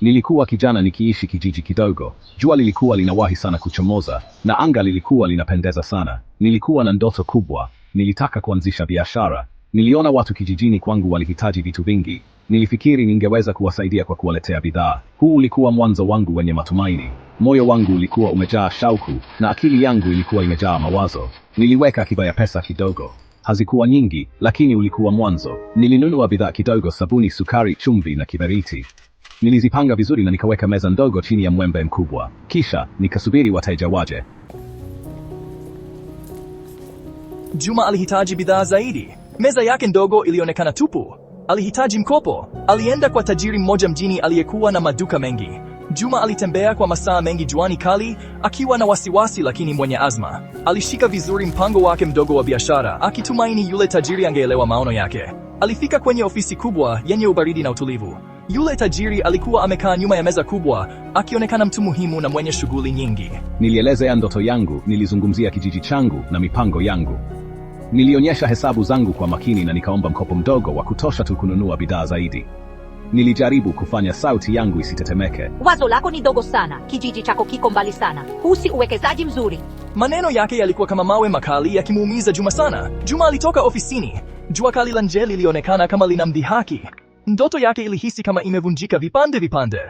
Nilikuwa kijana nikiishi kijiji kidogo. Jua lilikuwa linawahi sana kuchomoza na anga lilikuwa linapendeza sana. Nilikuwa na ndoto kubwa, nilitaka kuanzisha biashara. Niliona watu kijijini kwangu walihitaji vitu vingi, nilifikiri ningeweza kuwasaidia kwa kuwaletea bidhaa. Huu ulikuwa mwanzo wangu wenye matumaini. Moyo wangu ulikuwa umejaa shauku na akili yangu ilikuwa imejaa mawazo. Niliweka akiba ya pesa kidogo, hazikuwa nyingi, lakini ulikuwa mwanzo. Nilinunua bidhaa kidogo: sabuni, sukari, chumvi na kiberiti. Nilizipanga vizuri na nikaweka meza ndogo chini ya mwembe mkubwa, kisha nikasubiri wateja waje. Juma alihitaji bidhaa zaidi. Meza yake ndogo ilionekana tupu. Alihitaji mkopo. Alienda kwa tajiri mmoja mjini aliyekuwa na maduka mengi. Juma alitembea kwa masaa mengi juani kali, akiwa na wasiwasi lakini mwenye azma. Alishika vizuri mpango wake mdogo wa biashara, akitumaini yule tajiri angeelewa maono yake. Alifika kwenye ofisi kubwa yenye ubaridi na utulivu. Yule tajiri alikuwa amekaa nyuma ya meza kubwa, akionekana mtu muhimu na mwenye shughuli nyingi. nilieleza ya ndoto yangu, nilizungumzia kijiji changu na mipango yangu. Nilionyesha hesabu zangu kwa makini na nikaomba mkopo mdogo wa kutosha tu kununua bidhaa zaidi. Nilijaribu kufanya sauti yangu isitetemeke. Wazo lako ni dogo sana, kijiji chako kiko mbali sana, husi uwekezaji mzuri. Maneno yake yalikuwa kama mawe makali yakimuumiza Juma sana. Juma alitoka ofisini, jua kali la nje lilionekana kama linamdhihaki. Ndoto yake ilihisi kama imevunjika vipande vipande.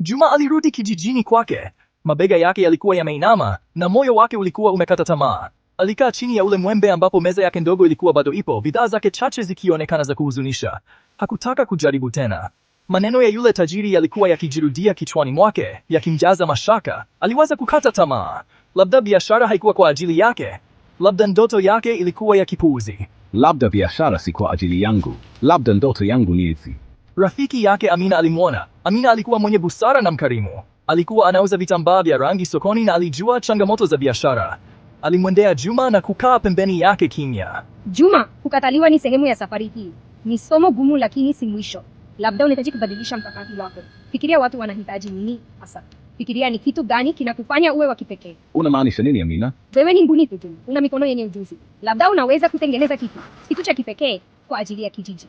Juma alirudi kijijini kwake. Mabega yake yalikuwa yameinama na moyo wake ulikuwa umekata tamaa. Alikaa chini ya ule mwembe ambapo meza yake ndogo ilikuwa bado ipo, bidhaa zake chache zikionekana za kuhuzunisha. Hakutaka kujaribu tena. Maneno ya yule tajiri yalikuwa yakijirudia kichwani mwake, yakimjaza mashaka. Aliwaza kukata tamaa. Labda biashara haikuwa kwa ajili yake, labda ndoto yake ilikuwa ya kipuuzi labda biashara si kwa ajili yangu, labda ndoto yangu hizi. Rafiki yake Amina alimwona. Amina alikuwa mwenye busara na mkarimu, alikuwa anauza vitambaa vya rangi sokoni na alijua changamoto za biashara. Alimwendea Juma na kukaa pembeni yake kimya. Juma, kukataliwa ni sehemu ya safari hii, ni somo gumu lakini si mwisho. Labda unahitaji kubadilisha mkakati wako. Fikiria watu wanahitaji nini hasa. Fikiria ni kitu gani kinakufanya uwe wa kipekee. Unamaanisha nini Amina? Wewe ni mbunifu tu, una mikono yenye ujuzi, labda unaweza kutengeneza kitu kitu cha kipekee kwa ajili ya kijiji.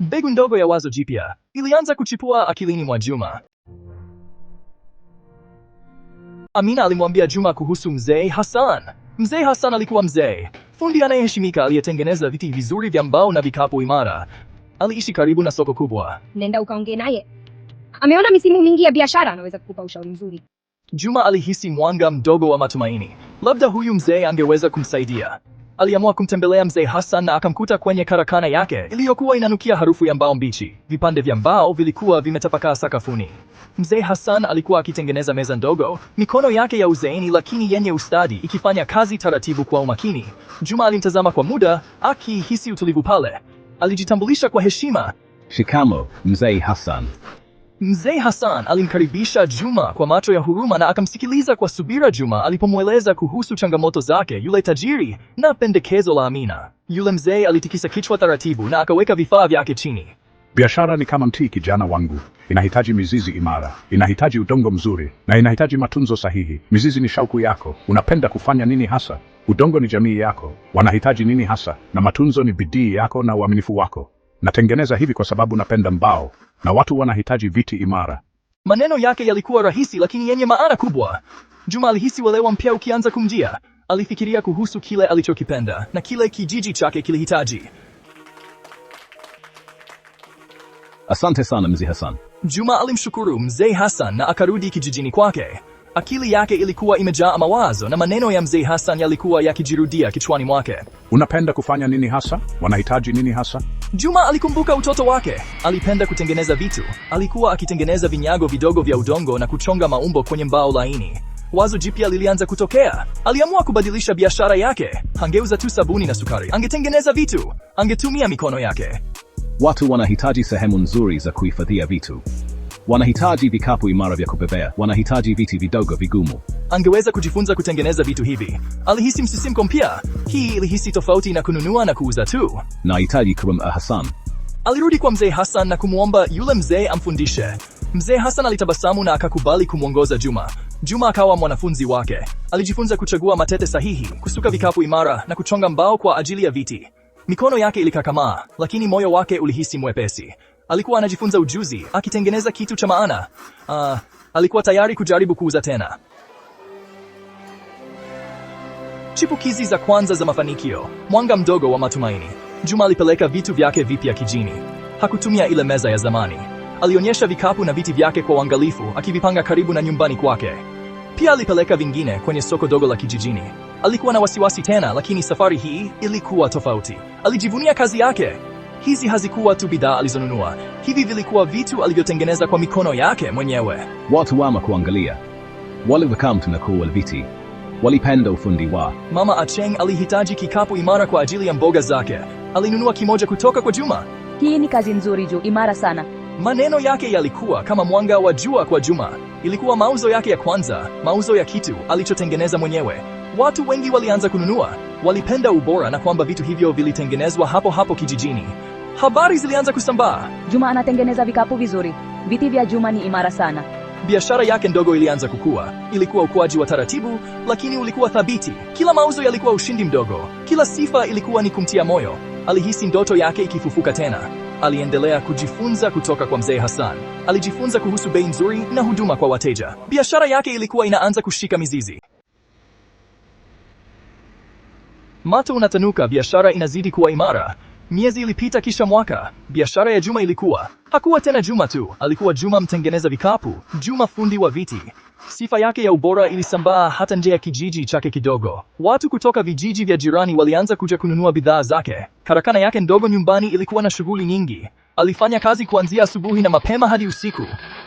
Mbegu ndogo ya wazo jipya ilianza kuchipua akilini mwa Juma. Amina alimwambia Juma kuhusu mzee Hassan. Mzee Hassan alikuwa mzee fundi anayeheshimika aliyetengeneza viti vizuri vya mbao na vikapu imara. Aliishi karibu na soko kubwa. Nenda ukaongee naye ameona misimu mingi ya biashara, anaweza kukupa ushauri mzuri. Juma alihisi mwanga mdogo wa matumaini, labda huyu mzee angeweza kumsaidia. Aliamua kumtembelea mzee Hassan na akamkuta kwenye karakana yake iliyokuwa inanukia harufu ya mbao mbichi. Vipande vya mbao vilikuwa vimetapakaa sakafuni. Mzee Hassan alikuwa akitengeneza meza ndogo, mikono yake ya uzeeni lakini yenye ustadi ikifanya kazi taratibu kwa umakini. Juma alimtazama kwa muda akihisi utulivu pale. Alijitambulisha kwa heshima, shikamo mzee Hassan. Mzee Hassan alimkaribisha Juma kwa macho ya huruma na akamsikiliza kwa subira Juma alipomweleza kuhusu changamoto zake yule tajiri na pendekezo la Amina. Yule mzee alitikisa kichwa taratibu na akaweka vifaa vyake chini. Biashara ni kama mti, kijana wangu, inahitaji mizizi imara, inahitaji udongo mzuri na inahitaji matunzo sahihi. Mizizi ni shauku yako, unapenda kufanya nini hasa? Udongo ni jamii yako, wanahitaji nini hasa? Na matunzo ni bidii yako na uaminifu wako. Natengeneza hivi kwa sababu napenda mbao na watu wanahitaji viti imara. Maneno yake yalikuwa rahisi lakini yenye maana kubwa. Juma alihisi uelewa mpya ukianza kumjia. Alifikiria kuhusu kile alichokipenda na kile kijiji chake kilihitaji. Asante sana mzee Hassan. Juma alimshukuru mzee Hassan na akarudi kijijini kwake. Akili yake ilikuwa imejaa mawazo na maneno ya mzee Hassan yalikuwa yakijirudia kichwani mwake. Unapenda kufanya nini hasa? Wanahitaji nini hasa? Juma alikumbuka utoto wake. Alipenda kutengeneza vitu. Alikuwa akitengeneza vinyago vidogo vya udongo na kuchonga maumbo kwenye mbao laini. Wazo jipya lilianza kutokea. Aliamua kubadilisha biashara yake. Angeuza tu sabuni na sukari, angetengeneza vitu, angetumia mikono yake. Watu wanahitaji sehemu nzuri za kuhifadhia vitu, wanahitaji vikapu imara vya kubebea, wanahitaji viti vidogo vigumu angeweza kujifunza kutengeneza vitu hivi. Alihisi msisimko mpya, hii ilihisi tofauti na kununua na kuuza tu. Nahitaji kumwambia Hassan. Alirudi kwa mzee Hassan na kumwomba yule mzee amfundishe. Mzee Hassan alitabasamu na akakubali kumwongoza Juma. Juma akawa mwanafunzi wake. Alijifunza kuchagua matete sahihi, kusuka vikapu imara na kuchonga mbao kwa ajili ya viti. Mikono yake ilikakamaa, lakini moyo wake ulihisi mwepesi. Alikuwa anajifunza ujuzi, akitengeneza kitu cha maana. Uh, alikuwa tayari kujaribu kuuza tena. Chipukizi za kwanza za mafanikio. Mwanga mdogo wa matumaini. Juma alipeleka vitu vyake vipya kijini. Hakutumia ile meza ya zamani. Alionyesha vikapu na viti vyake kwa uangalifu, akivipanga karibu na nyumbani kwake. Pia alipeleka vingine kwenye soko dogo la kijijini. Alikuwa na wasiwasi tena, lakini safari hii ilikuwa tofauti. Alijivunia kazi yake. Hizi hazikuwa tu bidhaa alizonunua, hivi vilikuwa vitu alivyotengeneza kwa mikono yake mwenyewe. Watu wama kuangalia, wale wakamtu na kuwa viti Walipenda ufundi wa mama. Acheng alihitaji kikapu imara kwa ajili ya mboga zake. Alinunua kimoja kutoka kwa Juma. Hii ni kazi nzuri juu imara sana. Maneno yake yalikuwa kama mwanga wa jua kwa Juma. Ilikuwa mauzo yake ya kwanza, mauzo ya kitu alichotengeneza mwenyewe. Watu wengi walianza kununua, walipenda ubora na kwamba vitu hivyo vilitengenezwa hapo hapo kijijini. Habari zilianza kusambaa, Juma anatengeneza vikapu vizuri, viti vya Juma ni imara sana. Biashara yake ndogo ilianza kukua. Ilikuwa ukuaji wa taratibu, lakini ulikuwa thabiti. Kila mauzo yalikuwa ushindi mdogo, kila sifa ilikuwa ni kumtia moyo. Alihisi ndoto yake ikifufuka tena. Aliendelea kujifunza kutoka kwa mzee Hassan. Alijifunza kuhusu bei nzuri na huduma kwa wateja. Biashara yake ilikuwa inaanza kushika mizizi. mato unatanuka, biashara inazidi kuwa imara. Miezi ilipita kisha mwaka. Biashara ya Juma ilikuwa hakuwa tena Juma tu, alikuwa Juma mtengeneza vikapu, Juma fundi wa viti. Sifa yake ya ubora ilisambaa hata nje ya kijiji chake kidogo. Watu kutoka vijiji vya jirani walianza kuja kununua bidhaa zake. Karakana yake ndogo nyumbani ilikuwa na shughuli nyingi. Alifanya kazi kuanzia asubuhi na mapema hadi usiku.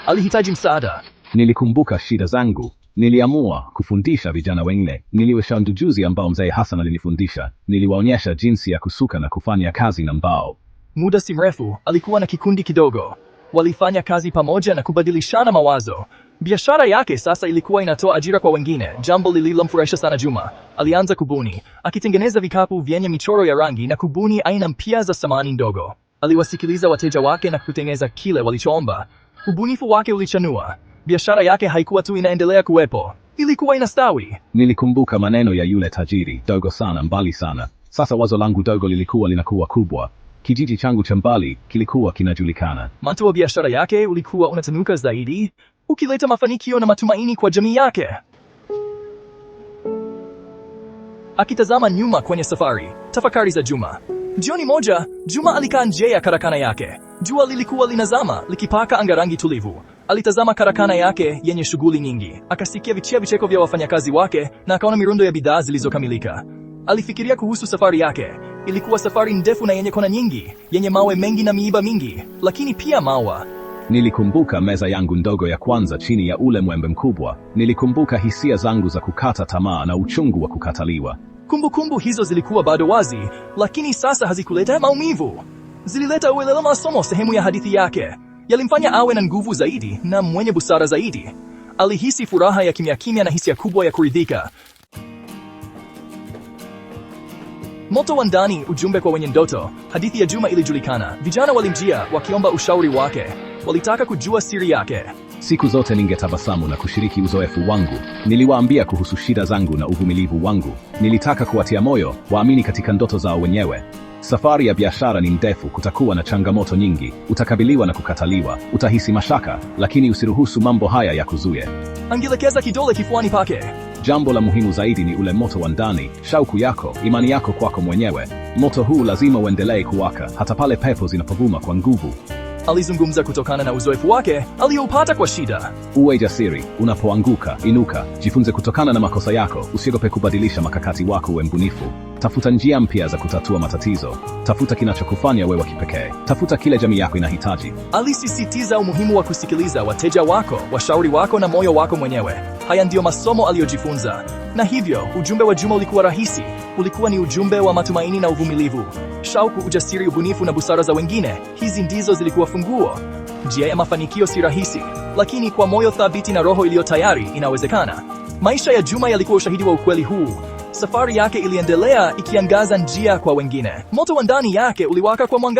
Alihitaji msaada. Nilikumbuka shida zangu. Niliamua kufundisha vijana wengine. Niliwashauri ujuzi ambao mzee Hassan alinifundisha. Niliwaonyesha jinsi ya kusuka na kufanya kazi na mbao. Muda si mrefu alikuwa na kikundi kidogo, walifanya kazi pamoja na kubadilishana mawazo. Biashara yake sasa ilikuwa inatoa ajira kwa wengine, jambo lililomfurahisha sana Juma. Alianza kubuni, akitengeneza vikapu vyenye michoro ya rangi na kubuni aina mpya za samani ndogo. Aliwasikiliza wateja wake na kutengeneza kile walichoomba. Ubunifu wake ulichanua Biashara yake haikuwa tu inaendelea kuwepo, ilikuwa inastawi. Nilikumbuka maneno ya yule tajiri, dogo sana, mbali sana. Sasa wazo langu dogo lilikuwa linakuwa kubwa. Kijiji changu cha mbali kilikuwa kinajulikana. Manto wa biashara yake ulikuwa unatanuka zaidi, ukileta mafanikio na matumaini kwa jamii yake. Akitazama nyuma kwenye safari, tafakari za Juma. Jioni moja, Juma alikaa nje ya karakana yake. Jua lilikuwa linazama, likipaka anga rangi tulivu. Alitazama karakana yake yenye shughuli nyingi, akasikia vichia vicheko vya wafanyakazi wake na akaona mirundo ya bidhaa zilizokamilika. Alifikiria kuhusu safari yake. Ilikuwa safari ndefu na yenye kona nyingi, yenye mawe mengi na miiba mingi, lakini pia maua. Nilikumbuka meza yangu ndogo ya kwanza chini ya ule mwembe mkubwa. Nilikumbuka hisia zangu za kukata tamaa na uchungu wa kukataliwa. Kumbukumbu hizo zilikuwa bado wazi, lakini sasa hazikuleta maumivu. Zilileta uelewa, masomo, sehemu ya hadithi yake yalimfanya awe na nguvu zaidi na mwenye busara zaidi. Alihisi furaha ya kimya kimya na hisia kubwa ya kuridhika. Moto wa ndani, ujumbe kwa wenye ndoto. Hadithi ya Juma ilijulikana. Vijana walimjia wakiomba ushauri wake, walitaka kujua siri yake. Siku zote ningetabasamu na kushiriki uzoefu wangu. Niliwaambia kuhusu shida zangu na uvumilivu wangu. Nilitaka kuwatia moyo waamini katika ndoto zao wenyewe. Safari ya biashara ni ndefu, kutakuwa na changamoto nyingi, utakabiliwa na kukataliwa, utahisi mashaka, lakini usiruhusu mambo haya ya kuzuie. Angelekeza kidole kifuani pake. Jambo la muhimu zaidi ni ule moto wa ndani, shauku yako, imani yako kwako mwenyewe. Moto huu lazima uendelee kuwaka hata pale pepo zinapovuma kwa nguvu. Alizungumza kutokana na uzoefu wake aliyoupata kwa shida. Uwe jasiri, unapoanguka inuka, jifunze kutokana na makosa yako, usiogope kubadilisha makakati wako, uwe mbunifu. Tafuta njia mpya za kutatua matatizo. Tafuta kinachokufanya wewe kipekee. Tafuta kile jamii yako inahitaji. Alisisitiza umuhimu wa kusikiliza wateja wako, washauri wako na moyo wako mwenyewe. Haya ndiyo masomo aliyojifunza, na hivyo ujumbe wa Juma ulikuwa rahisi. Ulikuwa ni ujumbe wa matumaini na uvumilivu, shauku, ujasiri, ubunifu na busara za wengine. Hizi ndizo zilikuwa funguo. Njia ya mafanikio si rahisi, lakini kwa moyo thabiti na roho iliyo tayari inawezekana. Maisha ya Juma yalikuwa ushahidi wa ukweli huu safari yake iliendelea ikiangaza njia kwa wengine. Moto wa ndani yake uliwaka kwa mwanga